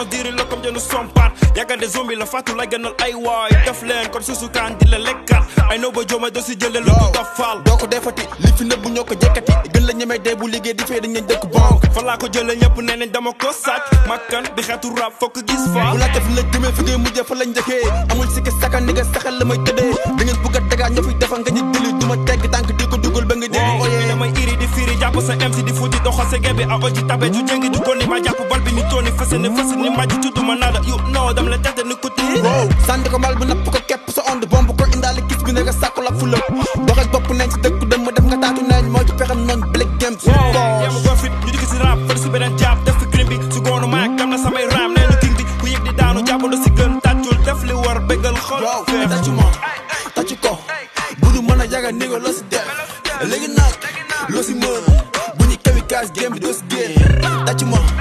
on dirait la comme je ne sommes pas yaakaar ne zombie la fàttu la gënal ay waay def leen kon susu kaan di la lekkat ay noo jooma doo si jëlee lu ko faal doo ko defati li fi nëbbu ñoo ko jekkati gën la ñemee dee bu liggéey di fee dañ dëkk banque fa laa ko jëlee ñëpp nee nañ dama ko sàcc makkan bi xeetu rap fokk gis fa bu laajte fi la jëmee fi ngay mujjee fa la njëkkee amul si ki sakkan ni nga la may tëddee da ngeen a dagaa ñoo fiy nga ñu dëli jabo sa MC di fudi do xose gebe a oji tabe ju jengi du toni ma jàpp bal bi ni toni fese ne fese ni ma tuddu ma nada you know dam la tete ni kuti sandi ko mbal bu napp ko kep sa onde bomb ko indaale kiss bi ne nga sakku la fulam dox ak bop nañ ci dekk dem dem nga tatu nañ mo ci fexam non black games Wow, go fit ñu dik ci rap versi si benen jàpp def crimbi su gonu ma kam na samay ram nee king bi ku yek di daanu jàppandu ci gën tatul def li war begal xol mo ta ci ko bu du meuna yaga jaga négo la def léegi nak loo si mën bu ñu kamikaze game bi doo si génn tàcc